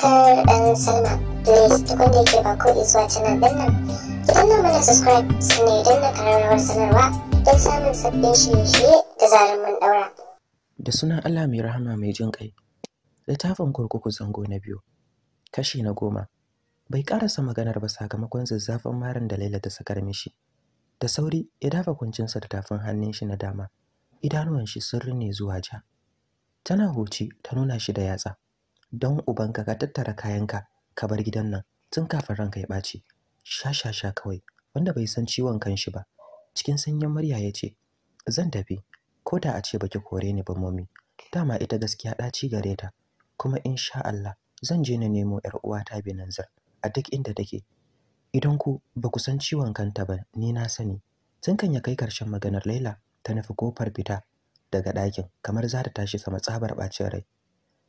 subscribe and sign up. Please tukun da yake ba ko zuwa canal din nan. Ki danna mana subscribe sannan idan na kararrawar sanarwa don samun sabbin shirye-shirye da zarar mun daura. Da sunan Allah mai rahama mai jin kai. Littafin kurkuku zango na biyu. Kashi na goma. Bai karasa maganar ba sakamakon zazzafan marin da Laila ta sakar mishi. Da sauri ya dafa kuncinsa da tafin hannun shi na dama. Idanuwan shi sun rine zuwa ja. Tana huci ta nuna shi da yatsa. don ubanka ka tattara kayanka ka bar gidan nan tun kafin ranka ya ɓaci shashasha kawai wanda bai san ciwon kanshi ba cikin sanyin murya ya ce zan tafi ko da a ce baki kore ni ba momi dama ita gaskiya ɗaci gare ta kuma in sha Allah zan je na nemo 'yar uwata Binanzar a duk inda take idan ku ba ku san ciwon kanta ba ni na sani tun kan ya kai karshen maganar Laila ta nufi kofar fita daga ɗakin kamar za ta tashi sama tsabar ɓacin rai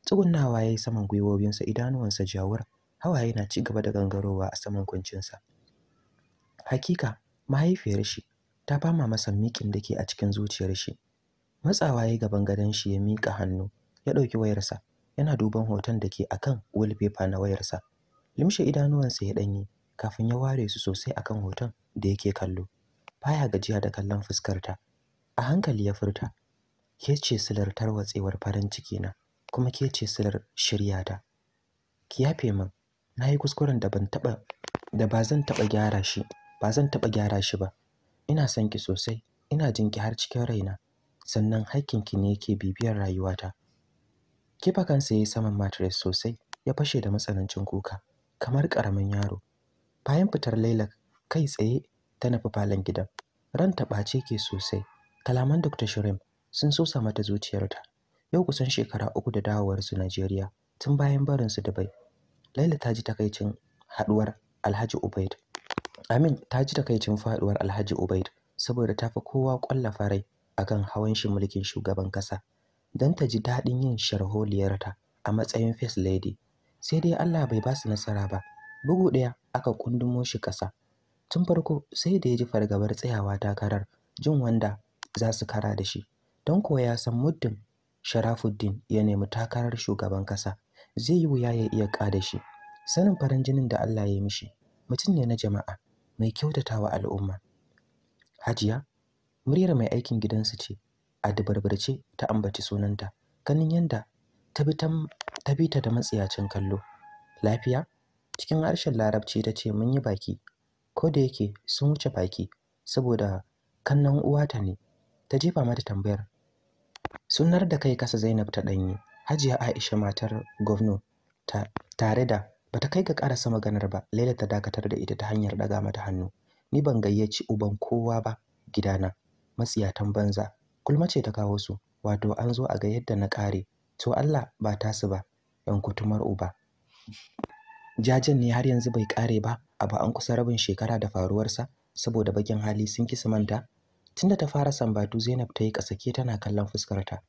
tsugunnawa ya yi saman gwiwobinsa idanuwansa jawar hawaye na ci gaba da gangarowa a saman kuncinsa hakika mahaifiyar shi ta fama masa mikin da ke a cikin zuciyar shi matsawa ya gaban gadon shi ya miƙa hannu ya ɗauki wayarsa yana duban hoton da ke akan wallpaper na wayarsa limshe idanuwansa ya ɗanyi kafin ya ware su sosai akan hoton da yake kallo baya gajiya da kallon fuskarta a hankali ya furta ke ce silar tarwatsewar farin ciki na kuma ke ce silar shirya da ki yafe min na yi kuskuren da ban taɓa da ba zan taɓa gyara shi ba zan taɓa gyara shi ba ina son ki sosai ina jin ki har cikin raina sannan haƙƙinki ne yake bibiyar rayuwata kifa kansa ya yi saman mattress sosai ya fashe da matsanancin kuka kamar ƙaramin yaro bayan fitar laila kai tsaye ta nufi falon gidan ranta ɓace ke sosai kalaman dr shirim sun sosa mata zuciyarta Yau kusan shekara uku da dawowarsu Najeriya tun bayan barinsu Dubai. Laila ta ji takaicin haɗuwar Alhaji Ubaid. Amin ta ji takaicin faɗuwar Alhaji Ubaid saboda ta fi kowa ƙwallafa rai akan hawan shi mulkin shugaban ƙasa. Don ta ji daɗin yin sharholiyarta a matsayin first lady. Sai dai Allah bai ba su nasara ba. Bugu ɗaya aka kundumo shi ƙasa. Tun farko sai da ya ji fargabar tsayawa takarar jin wanda za su kara da shi. Don koya ya san muddin Sharafuddin ya nemi takarar shugaban ƙasa zai yi wuya ya iya ƙada shi sanin farin jinin da Allah ya yi mishi mutum ne na jama'a mai kyautatawa al'umma Hajiya muryar mai aikin gidansu ce a dabarbarce ta ambaci sunanta ganin yanda ta bi ta da matsiyacin kallo lafiya cikin harshen larabci ta ce mun yi baki ko da yake sun wuce baki saboda kannan uwata ne ta jefa mata tambayar sunar da kai kasa Zainab ta danyi Hajiya Aisha matar gwamno tare da "Ba ta kai ga karasa maganar ba Laila ta dakatar da ita ta hanyar ɗaga mata hannu ni ban gayyaci uban kowa ba gidana matsiyatan banza kulma ce ta kawo su wato an zo a ga yadda na ƙare, to Allah ba ta su ba yan kutumar uba jajen ne har yanzu bai kare ba abu an kusa rabin shekara da faruwarsa saboda bakin hali sun kisa manta Tunda ta fara sambatu Zainab ta yi kasake tana kallon fuskarta.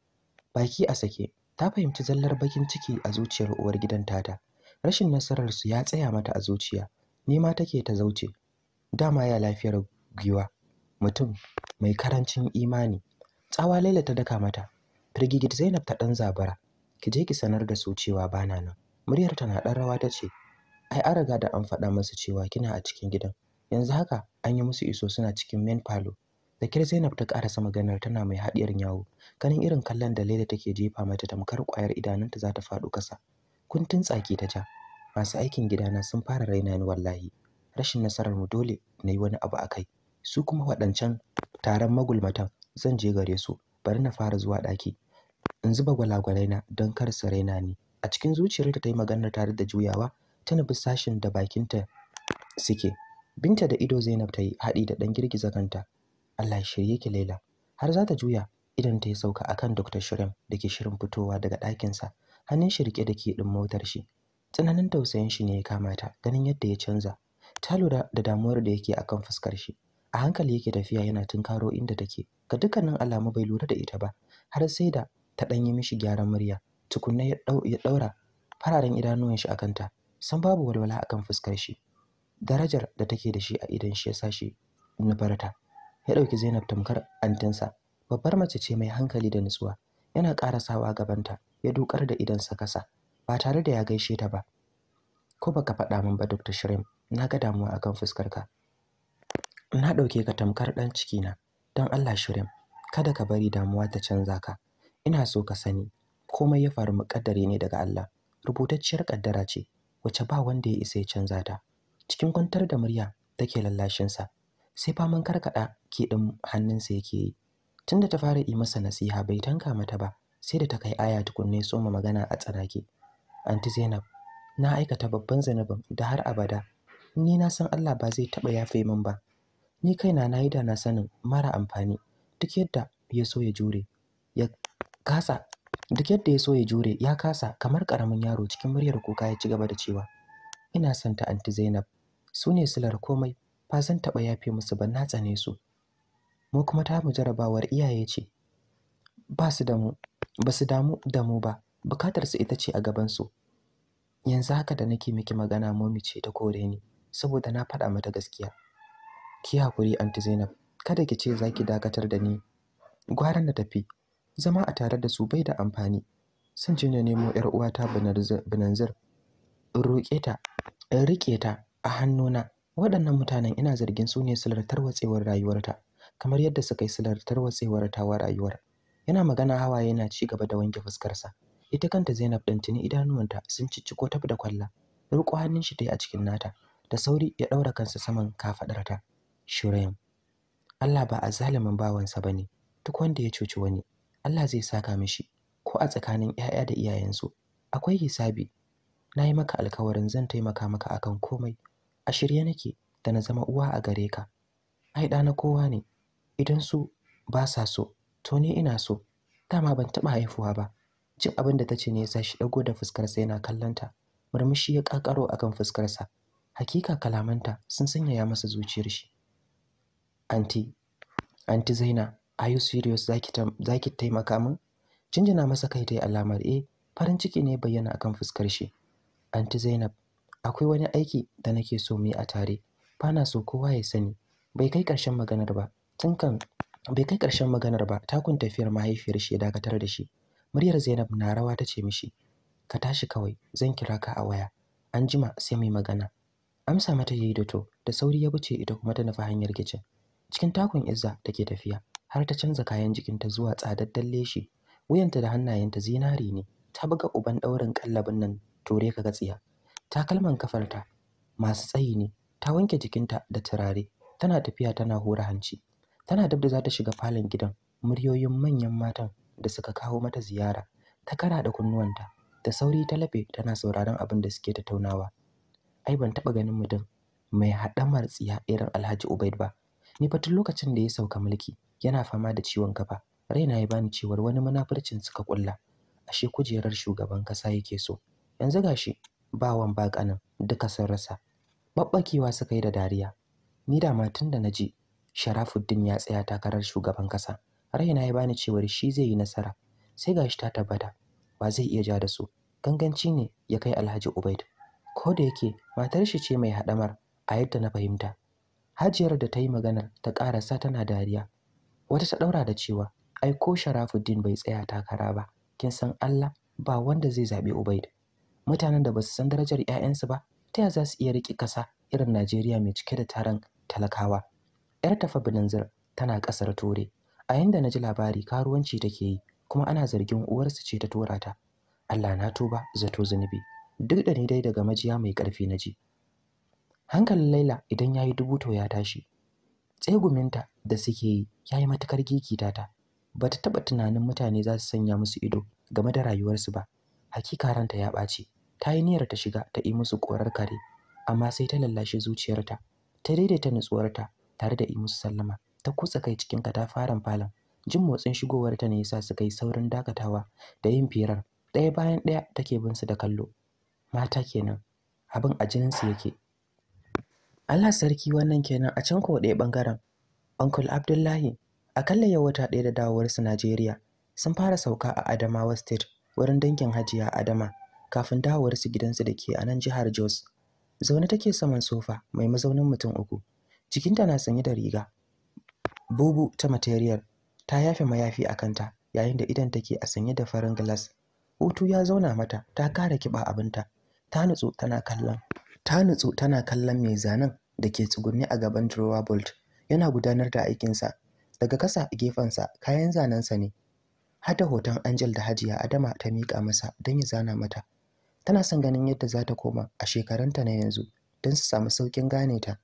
Baki a sake, ta fahimci zallar bakin ciki a zuciyar uwar gidan tata. Rashin nasarar su ya tsaya mata a zuciya. Nema take ta zauce. Dama ya lafiyar giwa. Mutum mai karancin imani. Tsawa Laila ta daka mata. Firgigit Zainab ta ɗan zabara. Ki je ki sanar da su cewa bana nan. Muryar ta na ɗan rawa ta ce, "Ai an riga da an faɗa masu cewa kina a cikin gidan." Yanzu haka an yi musu iso suna cikin main palo. da kyar zainab ta karasa maganar tana mai haɗiyar yawo ganin irin kallon da laila take jefa mata tamkar ƙwayar idanunta za ta faɗo ƙasa kuntun tsaki ta ja masu aikin gidana sun fara raina ni wallahi rashin nasarar mu dole na yi wani abu a kai su kuma waɗancan taron magulmatan zan je gare su bari na fara zuwa ɗaki in zuba na don kar su raina ni a cikin zuciyarta ta yi maganar tare da juyawa ta nufi sashin da bakinta suke binta da ido zainab ta yi haɗi da ɗan girgiza kanta Allah ya shirye ki Laila har za ta juya idan ta ya sauka akan Dr. Shirem da ke shirin fitowa daga sa hannun shi da ke ɗin motar shi tsananin tausayin shi ne ya kamata ganin yadda ya canza ta lura da damuwar da yake akan fuskar shi a hankali yake tafiya yana tunkaro inda take ga dukkanin alamu bai lura da ita ba har sai da ta ɗanyi mishi gyaran murya tukunna ya ɗaura fararen idanuwan shi akan ta san babu walwala akan fuskar shi darajar da take da shi a idan shi ya sashi nufarta ya ɗauki Zainab tamkar antinsa babbar mace ce mai hankali da nutsuwa yana ƙarasawa gabanta ya dukar da idansa kasa ba tare da ya gaishe ta ba ko baka faɗa min ba Dr. Shirim na ga damuwa akan ka. na ɗauke ka tamkar ɗan cikina don Allah shirin. kada ka bari damuwa ta canza ka ina so ka sani komai ya faru muƙaddare ne daga Allah rubutacciyar ƙaddara ce wacce ba wanda ya isa ya canza ta cikin kwantar da murya take lallashinsa sai faman karkada kiɗin hannunsa yake yi tunda ta fara yi masa nasiha bai tanka mata ba sai da ta kai aya tukunne soma magana a tsanake anti zainab na aikata babban zanubin da har abada ni na san allah ba zai taɓa yafe min ba ni kaina na yi da na sanin mara amfani duk yadda ya so ya jure ya kasa duk yadda ya so ya jure ya kasa kamar karamin yaro cikin muryar kuka ya ci gaba da cewa ina santa ta anti zainab su ne silar komai ba zan taɓa yafe musu ba na tsane su mu kuma ta mu jarabawar iyaye ce ba su damu ba su damu da mu ba bukatar su ita ce a gaban su yanzu haka da nake miki magana momi ce ta kore ni saboda na faɗa mata gaskiya ki hakuri anti Zainab kada ki ce zaki dakatar da ni gwara na tafi zama a tare da su bai da amfani san je na nemo yar uwata Binanzir in roƙe ta in rike ta a hannuna waɗannan mutanen ina zargin su ne silar tarwatsewar rayuwarta kamar yadda suka yi silar tarwatsewar tawa rayuwar yana magana hawaye yana ci gaba da wanke fuskarsa ita kanta Zainab ɗin tuni idanuwanta sun cicciko tab da kwalla riƙo hannun shi ta a cikin nata da sauri ya ɗaura kansa saman kafaɗarta shirayin Allah ba a zalimin bawansa ba ne duk wanda ya cuci wani Allah zai saka mishi ko a tsakanin 'ya'ya da iyayensu akwai hisabi na yi maka alkawarin zan taimaka maka akan komai a shirye nake da na zama uwa a gare ka ai ɗa na kowa ne idan su ba sa so to ni ina so dama ban taɓa haifuwa ba cin abin da ta ce ne ya sa shi ɗago da fuskarsa yana kallonta murmushi ya ƙaƙaro akan fuskarsa hakika kalamanta sun sanyaya masa zuciyar shi anti anti zaina are you serious zaki taimaka min jinjina masa kai dai alamar eh farin ciki ne bayyana akan fuskar shi anti zainab akwai wani aiki da nake so mu yi a tare bana so kowa ya sani bai kai ƙarshen maganar ba tun bai kai ƙarshen maganar ba takun tafiyar mahaifiyar shi ya dakatar da shi muryar Zainab na rawa ta ce mishi ka tashi kawai zan kira ka a waya an jima sai mai magana amsa mata yayi da to da sauri ya buce ita kuma ta nufi hanyar gicin. cikin takun izza take tafiya har ta canza kayan jikinta zuwa tsadaddan leshi wuyanta da hannayenta zinari ne ta buga uban ɗaurin kallabin nan ture ka gatsiya takalman kafarta masu tsayi ne ta wanke jikinta da turare tana tafiya tana hura hanci tana dab da za ta shiga falon gidan muryoyin manyan matan da suka kawo mata ziyara ta kara da kunnuwanta da sauri ta lafe tana sauraron abin da suke tattaunawa ai ban taɓa ganin mutum mai haɗamar tsiya irin alhaji ubaid ba ni fa tun lokacin da ya sauka mulki yana fama da ciwon kafa raina ya bani cewar wani munafurcin suka kulla ashe kujerar shugaban kasa yake so yanzu gashi bawan bakanin duka sun rasa ɓaɓɓakewa suka yi da dariya ni da matun da na ji sharafuddin ya tsaya takarar shugaban ƙasa raina ya bani cewar shi zai yi nasara sai gashi ta tabbata ba zai iya ja da su ganganci ne ya kai alhaji ubaid ko da yake matar shi ce mai haɗamar a yadda na fahimta hajiyar da ta yi maganar ta ƙarasa tana dariya wata ta ɗaura da cewa ai ko sharafuddin bai tsaya takara ba kin san allah ba wanda zai zaɓi ubaid mutanen da ba su san darajar 'ya'yansu ba ta ya za su iya riƙe ƙasa irin Najeriya mai cike da taron talakawa yar tafa bilanzir tana ƙasar Ture a yanda na ji labari karuwanci take yi kuma ana zargin uwarsu ce ta tura ta Allah na tuba zato zunubi duk da ni dai daga majiya mai ƙarfi na ji hankalin Laila idan ya yi to ya tashi tseguminta da suke yi ya yi matukar gigita ta ba ta taɓa tunanin mutane za su sanya musu ido game da rayuwarsu ba hakika ranta ya ɓaci ta yi niyyar ta shiga ta yi musu korar kare amma sai ta lallashe zuciyarta ta daidaita nutsuwarta tare da yi musu sallama ta kutsa kai cikin katafaren falon jin motsin shigowar ta ne yasa su kai saurin dakatawa da yin firar ɗaya bayan ɗaya take bin su da kallo mata kenan abin a jinin su yake Allah sarki wannan kenan a can ko ɗaya bangaren Uncle Abdullahi akalla ya wata ɗaya da dawowarsu Najeriya sun fara sauka a Adamawa State wurin dangin Hajiya Adama kafin dawowarsu gidansu da ke a nan jihar Jos. Zaune take saman sofa mai mazaunin mutum uku. Jikinta na sanye da riga. Bubu ta material ta yafe mayafi a kanta yayin da idan take a sanye da farin glass. Hutu ya zauna mata ta kara kiba abinta. Ta nutsu tana kallon. Ta nutsu tana kallon mai zanen da ke tsugunne a gaban drawer bolt yana gudanar da aikinsa. Daga kasa gefensa kayan zanensa ne har da hoton Angel da Hajiya Adama ta miƙa masa don ya zana mata. Tana son ganin yadda za ta koma a shekarunta na yanzu don su samu sauƙin gane ta.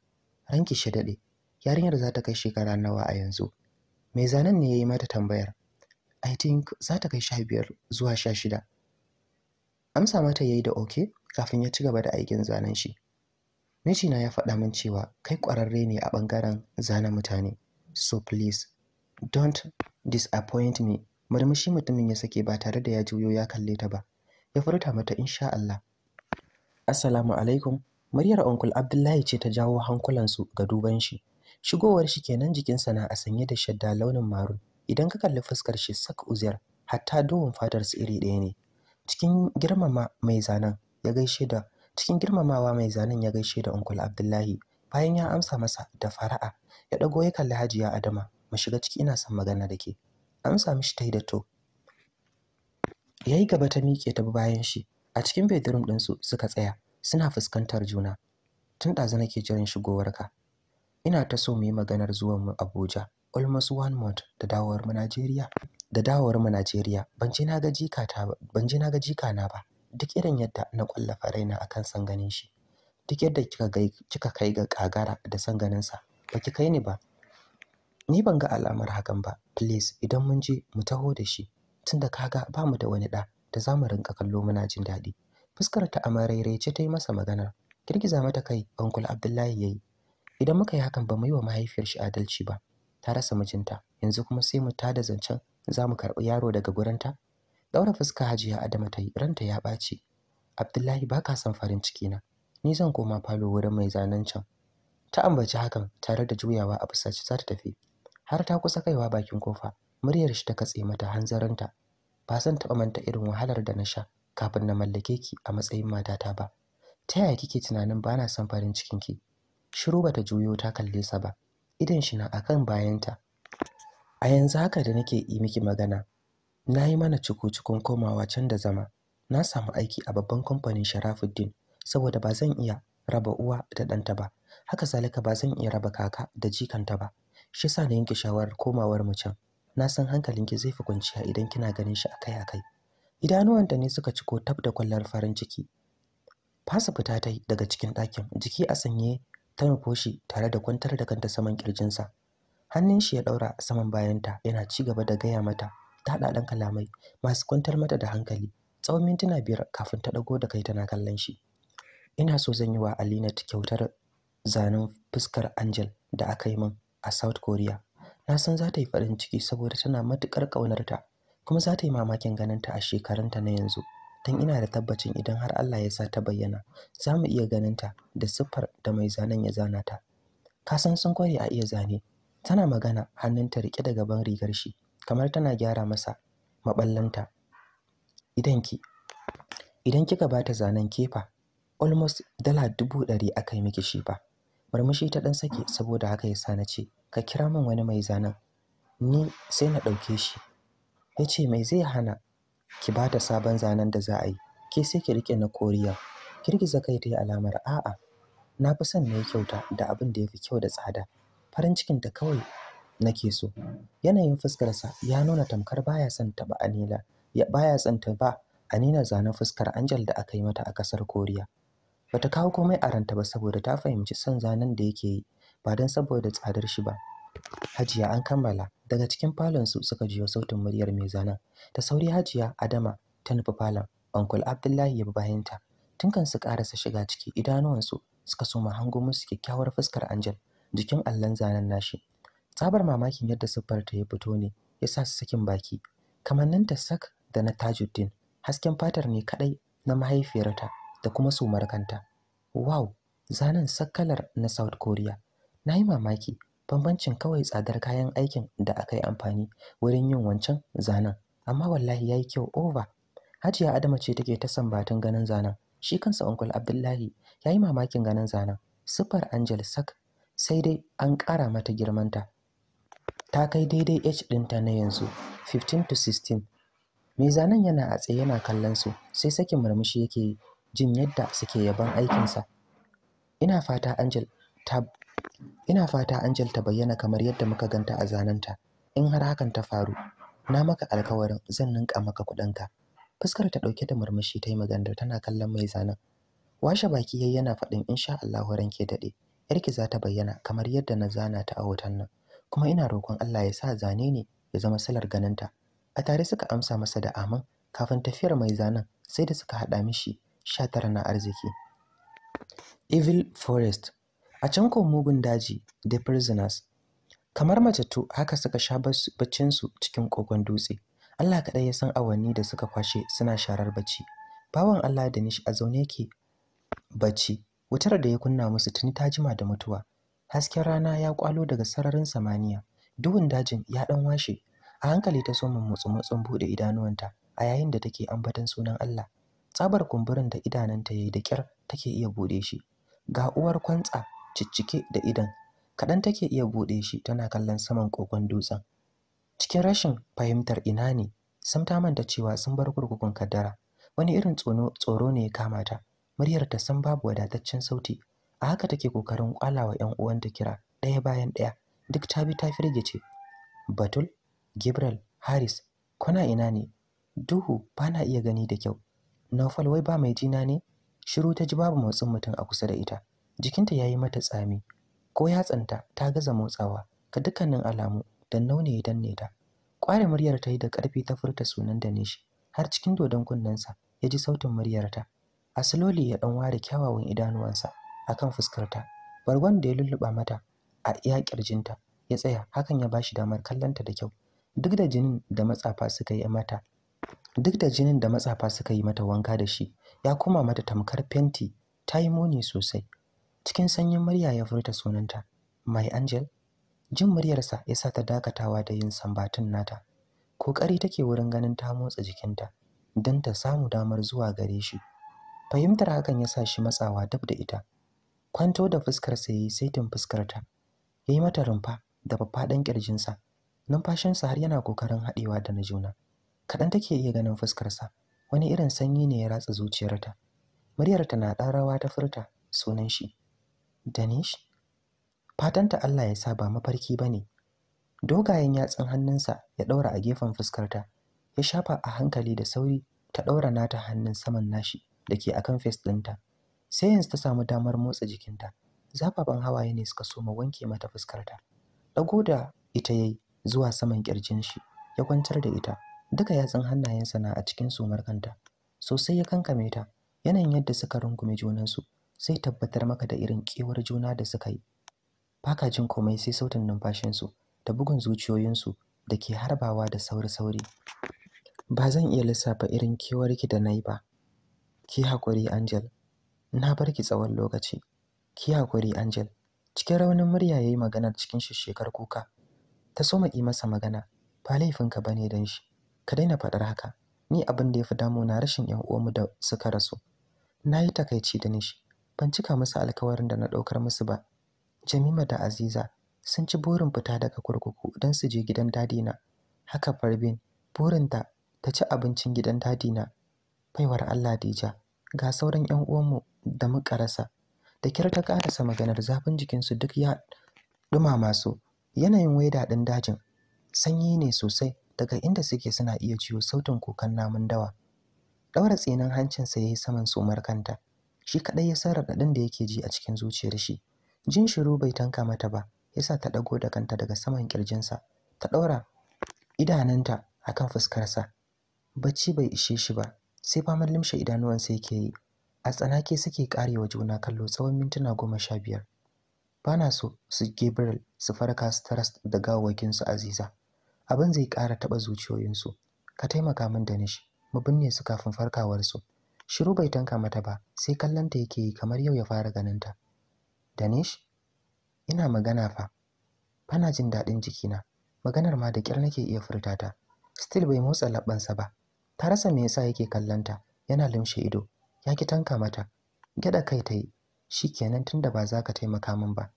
Ranki shi daɗe, yarinyar za ta kai shekara nawa a yanzu. Mai zanen ne ya yi mata tambayar. I think za ta kai sha biyar zuwa sha shida. Amsa mata ya yi da oke kafin ya ci gaba da aikin zanen shi. Mijina ya faɗa min cewa kai ƙwararre ne a ɓangaren zana mutane. So please, don't disappoint me murmushi mutumin ya sake ba tare da ya juyo ya kalle ta ba ya furta mata insha Allah assalamu alaikum muryar uncle abdullahi ce ta jawo hankulansu ga duban shi shigowar shi kenan jikinsa na a sanye da shadda launin marun idan ka kalli fuskar shi sak uziyar hatta dohun fatar su iri ɗaya ne cikin girmama mai zanen ya gaishe da cikin girmamawa mai zanen ya gaishe da uncle abdullahi bayan ya amsa masa da fara'a ya ɗago ya kalli hajiya adama mu shiga ciki ina son magana da ke amsa mishi ta yi da to ya yi gaba ta miƙe ta bayan shi a cikin bedroom ɗinsu suka tsaya suna fuskantar juna tun ɗazu nake jiran shigowarka ina ta so mu yi maganar zuwan mu abuja almost one month da dawowar mu najeriya da dawowar mu najeriya ban je na ga jika na ba duk irin yadda na kwallafa raina akan sanganin shi duk yadda kika kai ga kagara da sanganinsa ba ki kai ni ba ni ban ga alamar hakan ba please idan mun je mu taho da shi tunda kaga ba mu da wani da da zamu mu rinka kallo muna jin daɗi fuskar ta a ce ta yi masa magana girgiza mata kai onkul abdullahi ya yi idan muka yi hakan ba mu yi wa mahaifiyar shi adalci ba ta rasa mijinta yanzu kuma sai mu tada zancen za mu karɓi yaro daga gurinta daura fuska hajiya adama ta yi ranta ya ɓaci abdullahi ba ka son farin ciki na ni zan koma falo wurin mai zanen can ta ambaci hakan tare da juyawa a fusace za ta tafi har ta kusa kaiwa bakin kofa muryar shi ta katse mata hanzarinta ba zan taɓa manta irin wahalar da na sha kafin na mallake ki a matsayin matata ba ta yaya kike tunanin bana na son farin cikin ki shiru bata juyo ta kalle sa ba idan shi na akan bayanta a yanzu haka da nake yi miki magana na yi mana cuku-cukun komawa can da zama na samu aiki a babban kamfanin sharafuddin saboda ba zan iya raba uwa da ɗanta ba haka zalika ba zan iya raba kaka da jikanta ba shi sa na yanke shawarar komawar mace na san hankalin hankalinki zai fi kwanciya idan kina ganin shi akai-akai idanuwanta ne suka ciko tab da kwallar farin ciki fasa fita tai daga cikin ɗakin jiki a sanye ta nufo shi tare da kwantar da kanta saman kirjinsa hannun shi ya ɗaura saman bayanta yana ci gaba da gaya mata ta haɗaɗen kalamai masu kwantar mata da hankali tsawon mintuna biyar kafin ta ɗago da kai tana kallon shi ina so zan yi wa alinat kyautar zanen fuskar angel da aka yi min a South Korea. Na san za ta yi farin ciki saboda tana matuƙar ƙaunarta kuma za ta yi mamakin ganinta a shekarunta na yanzu. Don ina da tabbacin idan har Allah ya sa ta bayyana, za mu iya ganinta da siffar da mai zanen ya zana ta. Ka san sun kware a iya zane. Tana magana hannunta riƙe da gaban rigar shi kamar tana gyara masa maɓallanta. Idan ki idan kika ba ta zanen kefa almost dala dubu ɗari aka yi miki shi fa. Murmushi ta ɗan sake saboda haka ya sa na ce ka kira min wani mai zanen ni sai na ɗauke shi ya ce mai zai hana ki ba ta sabon zanen da za a yi ke sai ki riƙe na koriya girgiza kai ta yi alamar a'a na fi son na yi kyauta da abin da ya fi kyau da tsada farin cikin cikinta kawai nake so yanayin fuskarsa ya nuna tamkar baya son taɓa anila ya baya son taɓa anila zanen fuskar angel da aka yi mata a ƙasar koriya bata kawo komai a ranta ba saboda ta fahimci son zanen da yake yi ba don saboda tsadar shi ba hajiya an kammala daga cikin falon su suka jiyo sautin muryar mai zanen ta sauri hajiya adama ta nufi falon uncle abdullahi ya bi bayanta tun kan su karasa shiga ciki idanuwansu suka soma hango musu kyakkyawar fuskar angel jikin allon zanen nashi tsabar mamakin yadda siffar ta ya fito ne ya sa su sakin baki ta sak da na tajuddin hasken fatar ne kadai na mahaifiyarta da kuma sumar kanta wow zanen sakkalar na south korea na yi mamaki bambancin kawai tsadar kayan aikin da aka yi amfani wurin yin wancan zanen amma wallahi ya yi kyau over hajiya adama ce take ta sambatun ganin zanen shi kansa uncle abdullahi ya yi mamakin ganin zanen Super angel sak sai dai an ƙara mata girmanta ta kai daidai h ɗinta na yanzu 15 to 16 mai zanen yana a tsaye yana kallon su sai sakin murmushi yake jin yadda suke yaban aikinsa ina fata angel ta Ina fata Angel ta bayyana kamar yadda muka ganta a zanenta. In har hakan ta faru, na maka alkawarin zan ninka maka kuɗinka. Fuskar ta ɗauke da murmushi ta yi maganar tana kallon mai zanen. Washe baki yayi yana faɗin insha Allahu ranke daɗe. Yarki za ta bayyana kamar yadda na zana ta a hoton nan. Kuma ina roƙon Allah ya sa zane ne ya zama salar ganinta. A tare suka amsa masa da amin kafin tafiyar mai zanen sai da suka haɗa mishi sha tara na arziki. Evil Forest a can ko mugun daji da prisoners kamar matattu haka suka sha baccinsu cikin kogon dutse Allah kaɗai ya san awanni da suka kwashe suna sharar bacci bawan Allah da nishi a zaune yake bacci wutar da ya kunna musu tuni ta jima da mutuwa hasken rana ya kwalo daga sararin samaniya duhun dajin ya dan washe a hankali ta soma motsi motsin bude idanuwanta a yayin da take ambatan sunan Allah tsabar kumburin da idananta yayi da kyar take iya bude shi ga uwar kwantsa ciccike da idan kaɗan take iya buɗe shi tana kallon saman kogon dutsen cikin rashin fahimtar ina ne sam ta manta cewa sun bar kurkukun kaddara wani irin tsoro ne ya kama ta muryar ta san babu wadataccen sauti a haka take kokarin kwalawa ƴan uwanta kira ɗaya bayan ɗaya duk ta bi ta firgice batul Gibral, haris kuna ina ne duhu bana iya gani da kyau naufal wai ba mai jina ne shiru ta ji babu motsin mutum a kusa da ita jikinta ya yi mata tsami ko ya tsanta ta gaza motsawa ga dukkanin alamu da naune ya danne ta ƙware muryar ta yi da ƙarfi ta furta sunan da nishi har cikin dodon kunnensa ya ji sautin muryarta asiloli ya ɗan ware kyawawan idanuwansa a kan fuskarta bargon da ya lulluba mata a iya ƙirjinta ya tsaya hakan ya ba shi damar kallonta da kyau duk da jinin da matsafa suka yi mata duk da jinin da matsafa suka yi mata wanka da shi ya koma mata tamkar fenti ta yi muni sosai cikin sanyin murya ya furta sunanta mai angel jin muryarsa ya sa ta dakatawa da yin sambatun nata kokari take wurin ganin ta motsa jikinta don ta samu damar zuwa gare shi fahimtar hakan ya sa shi matsawa dab da ita kwanto da fuskar sa yi saitin fuskar ta yayi mata rumfa da faffaɗan kirjinsa numfashinsa har yana kokarin haɗewa da na juna kaɗan take iya ganin fuskarsa wani irin sanyi ne ya ratsa zuciyarta muryarta na ɗan rawa ta furta sunan shi Danish? Fatanta Allah ya sa ba mafarki ba ne. Dogayen yatsun hannunsa ya ɗaura a gefen fuskarta, ya shafa a hankali da sauri ta ɗaura nata hannun saman nashi da ke kan fes ɗinta. Sai yanzu ta samu damar motsa jikinta, zafafan hawaye ne suka soma wanke mata fuskarta. Ɗago da ita ya yi zuwa saman ƙirjin shi, ya kwantar da ita, duka yatsun hannayensa na a cikin sumar kanta. Sosai ya kankame ta, yanayin yadda suka rungume junansu sai tabbatar maka da irin kewar juna da suka yi baka jin komai sai sautin numfashinsu da bugun zuciyoyinsu da ke harbawa da sauri-sauri ba zan iya lissafa irin ki da na yi ba ki haƙuri angel na bar ki tsawon lokaci ki haƙuri angel cikin raunin murya ya yi maganar cikin shekar kuka ta soma ki masa magana ba laifinka ba ne don shi ka daina faɗar haka ni abin da ya fi damu na rashin 'yan mu da suka rasu na yi takaici da nishi ban cika musu alkawarin da na ɗaukar musu ba jamima da aziza sun ci burin fita daga kurkuku don su je gidan dadina haka farbin burinta ta ci abincin gidan dadina baiwar allah dija ga sauran yan uwanmu da muka rasa da kyar ta karasa maganar zafin jikinsu duk ya dumama masu. yanayin wai ɗin dajin sanyi ne sosai daga inda suke suna iya ciwo sautin kukan namun dawa ɗaura tsinin hancinsa ya yi saman sumar kanta shi kaɗai ya san raɗaɗin da yake ji a cikin zuciyar shi jin shiru bai tanka mata ba yasa ta ɗago da kanta daga saman ƙirjinsa ta ɗaura idananta akan fuskarsa bacci bai ishe shi ba sai faman limshe idanuwansa yake yi a tsanake suke karewa juna kallo tsawon mintuna goma sha biyar Bana so su gabriel su farka su taras da gawaginsu aziza abin zai ƙara taɓa zuciyoyinsu ka taimaka min da nishi mu binne su kafin farkawarsu shiru bai tanka mata ba sai kallonta yake yi kamar yau ya fara ganinta danish ina magana fa bana jin daɗin jikina maganar ma da kyar nake iya furta ta still bai motsa labbansa ba ta rasa me yasa yake kallonta yana limshe ido ya ki tanka mata Gyaɗa kai ta yi kenan tunda ba za ka taimaka min ba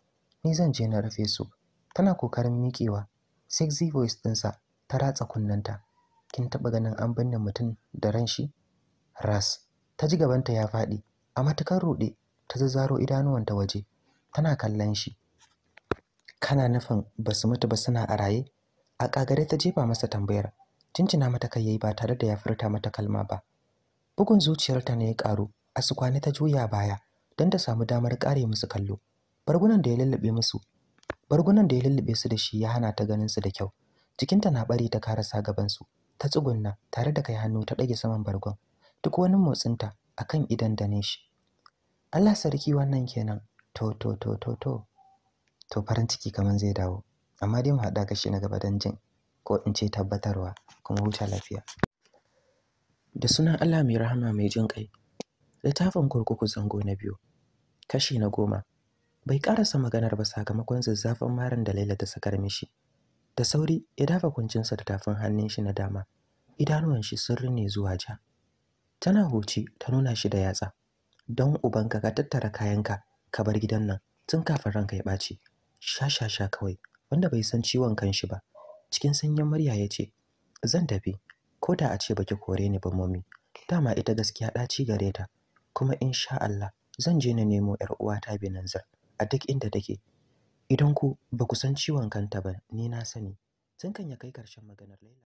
ni zan je na rufe su tana kokarin miƙewa sexy voice ɗinsa ta ratsa kunnanta kin taɓa ganin an binne mutum da ran shi ras ta ji gabanta ya faɗi a matukar ruɗe ta zazzaro idanuwanta waje tana kallon shi kana nufin ba su mutu ba suna a raye a ƙagare ta jefa masa tambayar cincina mata kai yayi ba tare da ya furta mata kalma ba bugun zuciyarta ne ya ƙaru, a su kwana ta juya baya don ta samu damar ƙare musu kallo bargunan da ya lullube musu bargunan da ya lullube su da shi ya hana ta ganin su da kyau jikinta na bari ta karasa gaban su ta tsugunna tare da kai hannu ta ɗage saman bargon duk wani motsinta a kan idan da shi Allah sarki wannan kenan to to to to to to farin ciki kamar zai dawo amma dai mu haɗa gashi na gaba don jin ko in ce tabbatarwa kuma wuta lafiya da sunan Allah mai rahama mai jin kai littafin kurkuku zango na biyu kashi na goma bai karasa maganar ba sakamakon zazzafin marin da Laila ta sakar mishi da sauri ya dafa kuncinsa da tafin hannun shi na dama idanuwan shi sun rine zuwa ja tana huci ta nuna shi da yatsa don ubanka ka tattara kayanka ka bar gidan nan tun kafin ranka ya ɓaci Shashasha, kawai wanda bai san ciwon kanshi ba cikin sanyin murya ya ce zan tafi ko da a ce baki kore ni ba momi dama ita gaskiya ɗaci gare ta kuma insha Allah zan je na nemo 'yar uwata Binanzar a duk inda take idan ku ba ku san ciwon kanta ba ni na sani tun kan ya kai ƙarshen maganar Laila